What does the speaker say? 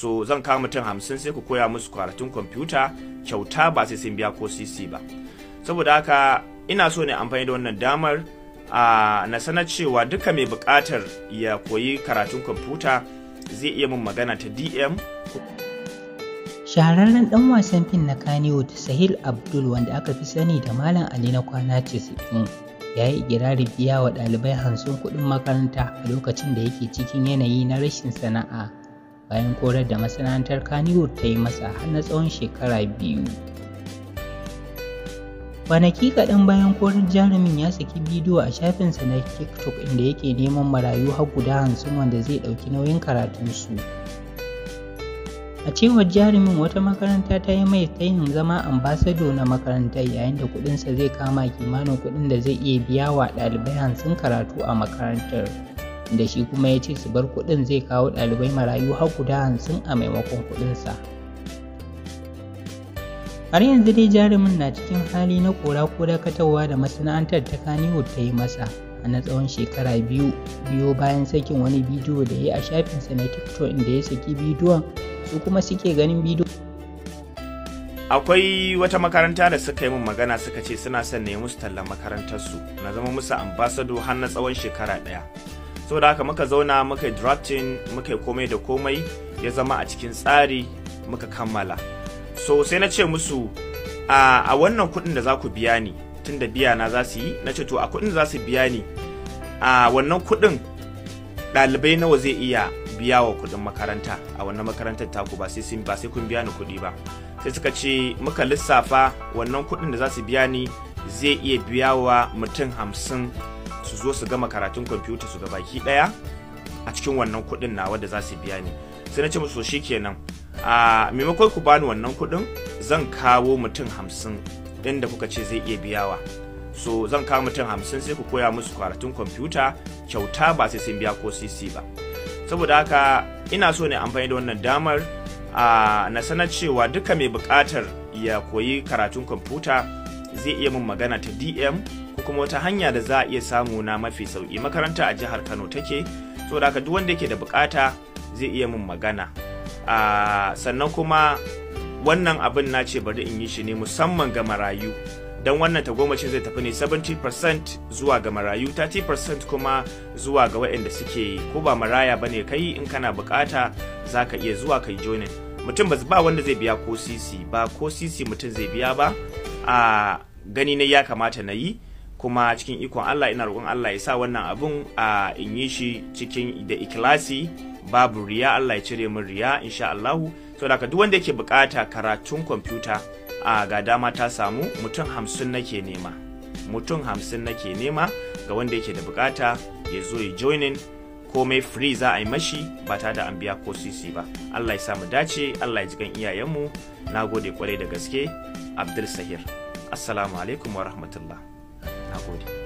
so zan kawo mutum hamsin sai ku koya musu kwaratun kwamfuta kyauta ba sai sun biya ko sisi ba saboda haka ina so ne amfani da wannan damar a na sanar cewa duka mai buƙatar ya koyi karatun kwamfuta zai iya mun magana ta dm shahararren dan wasan fim na ta sahil abdul wanda aka fi sani da malam ali na kwana 90 ya yi ikirarin biya wa ɗalibai hansun kuɗin makaranta a lokacin da yake cikin yanayi na rashin sana'a bayan korar da masana'antar Kaniwur ta yi masa har na tsawon shekara biyu. Kwanaki kaɗan bayan korar jarumin ya saki bidiyo a shafinsa na TikTok inda yake neman marayu har guda hamsin wanda zai ɗauki nauyin karatun su. A cewar jarumin wata makaranta ta yi mai yin zama ambasado na makarantar yayin da kuɗinsa zai kama kimanin kuɗin da zai iya biya wa ɗalibai hamsin karatu a makarantar. da shi kuma ya ce su bar kuɗin zai kawo ɗalibai marayu har guda hamsin a maimakon kuɗinsa. Har yanzu dai jarumin na cikin hali na kora ko dakatawa da masana'antar ta Kaniwood ta yi masa a na tsawon shekara biyu biyo bayan sakin wani bidiyo da ya yi a shafinsa na TikTok inda ya saki bidiyon su kuma suke ganin bidiyo. Akwai wata makaranta da suka yi min magana suka ce suna son na yi musu tallan makarantarsu na zama musu ambasado har na tsawon shekara ɗaya. so da haka muka zauna muka drafting muka komai da komai ya zama a cikin tsari muka kammala so sai na ce musu a wannan kuɗin da za ku biya ni tun da biya na za su yi na ce to a kuɗin za su biya ni a wannan kuɗin ɗalibai nawa zai iya biya wa kuɗin makaranta a wannan makarantar taku ba sai sun ba sai kun biya ni kuɗi ba sai suka ce muka lissafa wannan kuɗin da za su biya ni zai iya biya wa mutum hamsin su zo su gama karatun kwamfuta su baki daya a cikin wannan kuɗin na da za su biya ni sai na ce musu shi kenan a maimakon ku bani wannan kuɗin zan kawo mutum hamsin inda kuka ce zai iya biyawa so zan kawo mutum hamsin sai ku koya musu karatun kwamfuta kyauta ba sai sun biya ko sisi ba saboda haka ina so ne amfani da wannan damar a na sanar cewa duka mai bukatar ya koyi karatun kwamfuta zai iya mun magana ta DM ko kuma wata hanya da za a iya samu na mafi sauki makaranta a jihar Kano take saboda da duk wanda yake da bukata zai iya mun magana sannan kuma wannan abin na ce bari in yi shi ne musamman ga marayu don wannan tagomashin zai tafi ne 70% zuwa ga marayu 30% kuma zuwa ga waɗanda suke ko ba maraya ba ne kai in kana bukata za ka iya zuwa kai joinin mutum ba wanda zai biya ko sisi ba ko sisi mutum zai biya ba gani ne ya kamata na yi kuma cikin ikon Allah ina roƙon Allah ya sa wannan abun a in yi shi cikin da ikilasi babu riya Allah ya cire min riya insha Allahu da duk wanda yake bukata karatun kwamfuta a ga dama ta samu mutum hamsin nake nema mutum hamsin nake nema ga wanda yake da bukata ya zo ya joinin komai free za a yi mashi ba ta da an biya ko sisi ba Allah ya samu dace Allah ya ji kan iyayenmu na gode kwarai da gaske Abdul Sahir assalamu alaikum wa rahmatullah na gode